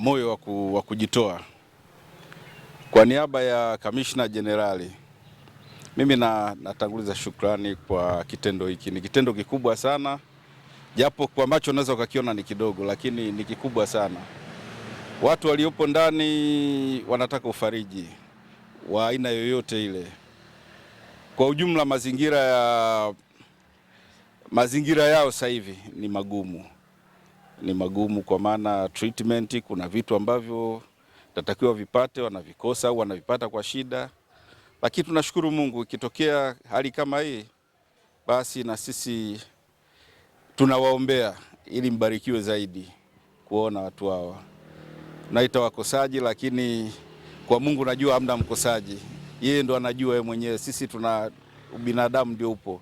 moyo wa kujitoa. Kwa niaba ya kamishna jenerali, mimi na, natanguliza shukrani kwa kitendo hiki. Ni kitendo kikubwa sana, japo kwa macho unaweza ukakiona ni kidogo, lakini ni kikubwa sana. Watu waliopo ndani wanataka ufariji wa aina yoyote ile. Kwa ujumla, mazingira ya mazingira yao sasa hivi ni magumu ni magumu, kwa maana treatment, kuna vitu ambavyo tatakiwa vipate wanavikosa au wanavipata kwa shida, lakini tunashukuru Mungu, ikitokea hali kama hii, basi na sisi tunawaombea ili mbarikiwe zaidi kuona watu hawa naita wakosaji, lakini kwa Mungu najua hamna mkosaji, yeye ndo anajua yeye mwenyewe. Sisi tuna ubinadamu ndio upo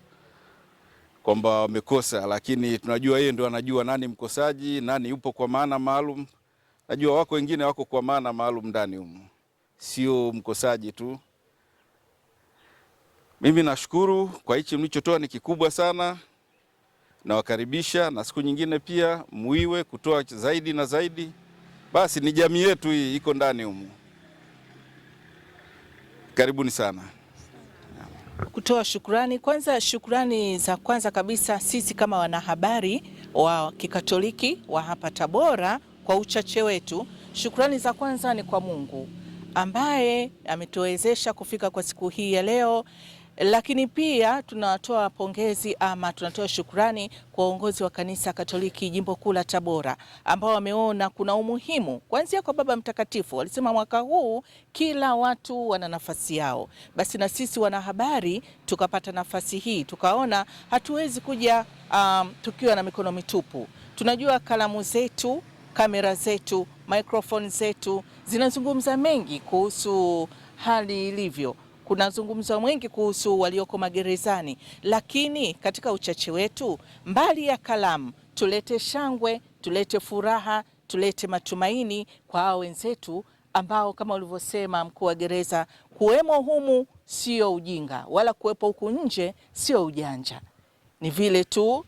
kwamba wamekosa, lakini tunajua yeye ndo anajua nani mkosaji, nani yupo kwa maana maalum. Najua wako wengine wako kwa maana maalum ndani humu, sio mkosaji tu. Mimi nashukuru kwa hichi mlichotoa, ni kikubwa sana. Nawakaribisha na siku nyingine pia muiwe kutoa zaidi na zaidi. Basi ni jamii yetu hii iko ndani humu. Karibuni sana kutoa shukrani. Kwanza, shukrani za kwanza kabisa sisi kama wanahabari wa Kikatoliki wa hapa Tabora kwa uchache wetu, shukrani za kwanza ni kwa Mungu ambaye ametuwezesha kufika kwa siku hii ya leo lakini pia tunatoa pongezi ama tunatoa shukrani kwa uongozi wa Kanisa Katoliki Jimbo Kuu la Tabora ambao wameona kuna umuhimu kuanzia kwa Baba Mtakatifu, walisema mwaka huu kila watu wana nafasi yao, basi na sisi wanahabari tukapata nafasi hii, tukaona hatuwezi kuja um, tukiwa na mikono mitupu. Tunajua kalamu zetu, kamera zetu, mikrofoni zetu zinazungumza mengi kuhusu hali ilivyo kuna zungumzo mwingi kuhusu walioko magerezani, lakini katika uchache wetu, mbali ya kalamu, tulete shangwe, tulete furaha, tulete matumaini kwa hao wenzetu ambao kama ulivyosema mkuu wa gereza, kuwemo humu sio ujinga, wala kuwepo huku nje sio ujanja. Ni vile tu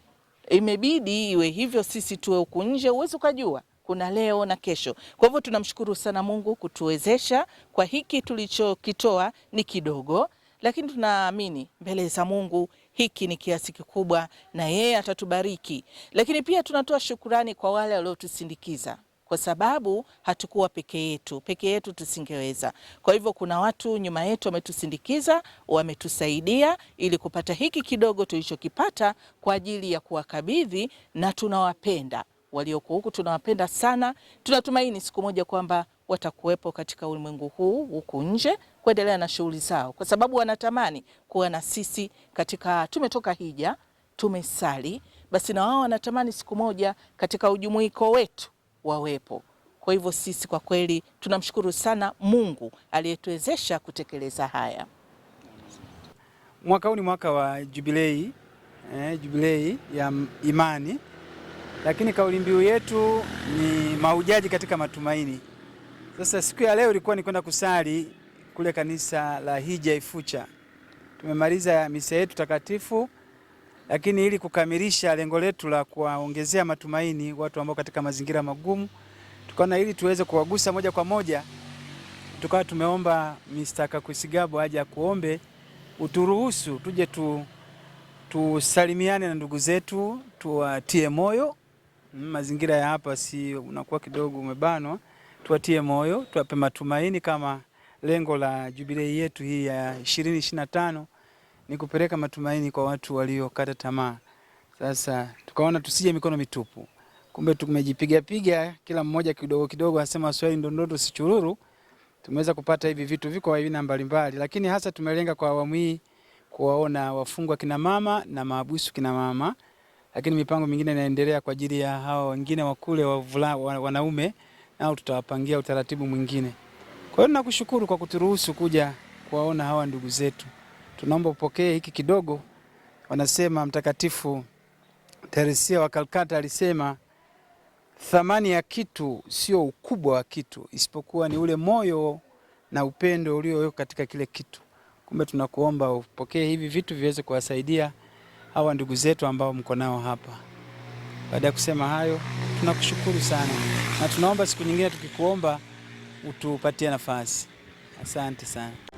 imebidi iwe hivyo, sisi tuwe huku nje, huwezi ukajua kuna leo na kesho. Kwa hivyo tunamshukuru sana Mungu kutuwezesha kwa hiki tulichokitoa ni kidogo, lakini tunaamini mbele za Mungu hiki ni kiasi kikubwa, na yeye atatubariki. Lakini pia tunatoa shukurani kwa wale waliotusindikiza kwa sababu hatukuwa peke yetu, peke yetu tusingeweza. Kwa hivyo kuna watu nyuma yetu wametusindikiza, wametusaidia ili kupata hiki kidogo tulichokipata kwa ajili ya kuwakabidhi, na tunawapenda walioko huku, tunawapenda sana. Tunatumaini siku moja kwamba watakuwepo katika ulimwengu huu huku nje kuendelea na shughuli zao, kwa sababu wanatamani kuwa na sisi katika tumetoka hija, tumesali, basi na wao wanatamani siku moja katika ujumuiko wetu wawepo. Kwa hivyo sisi kwa kweli tunamshukuru sana Mungu aliyetuwezesha kutekeleza haya. Mwaka huu ni mwaka wa jubilei, eh, jubilei ya imani lakini kauli mbiu yetu ni mahujaji katika matumaini. Sasa siku ya leo ilikuwa ni kwenda kusali kule kanisa la Hija Ifucha. Tumemaliza misa yetu takatifu, lakini ili kukamilisha lengo letu la kuwaongezea matumaini watu ambao katika mazingira magumu, tukaona ili tuweze kuwagusa moja kwa moja, tukawa tumeomba Mr. Kakusigabo aje akuombe uturuhusu tuje tu tusalimiane na ndugu zetu, tuwatie moyo mazingira ya hapa, si unakuwa kidogo umebanwa. Tuwatie moyo, tuwape matumaini kama lengo la jubilei yetu hii ya 2025 ni kupeleka matumaini kwa watu waliokata tamaa. Sasa tukaona tusije mikono mitupu, kumbe tumejipiga piga, kila mmoja kidogo kidogo, asema swali ndondondo chururu. Tumeweza kupata hivi vitu, viko aina mbalimbali, lakini hasa tumelenga kwa awamu hii kuwaona wafungwa kina mama na maabusu kina mama lakini mipango mingine inaendelea kwa ajili ya hao wengine wakule wavula, wanaume nao tutawapangia utaratibu mwingine. Kwa hiyo nakushukuru kwa kuturuhusu kuja kuwaona hawa ndugu zetu. Tunaomba upokee hiki kidogo. Wanasema Mtakatifu Teresia wa Kalkata alisema thamani ya kitu sio ukubwa wa kitu, isipokuwa ni ule moyo na upendo uliowekwa katika kile kitu. Kumbe tunakuomba upokee hivi vitu viweze kuwasaidia hawa ndugu zetu ambao mko nao hapa. Baada ya kusema hayo, tunakushukuru sana na tunaomba siku nyingine tukikuomba utupatie nafasi. Asante sana.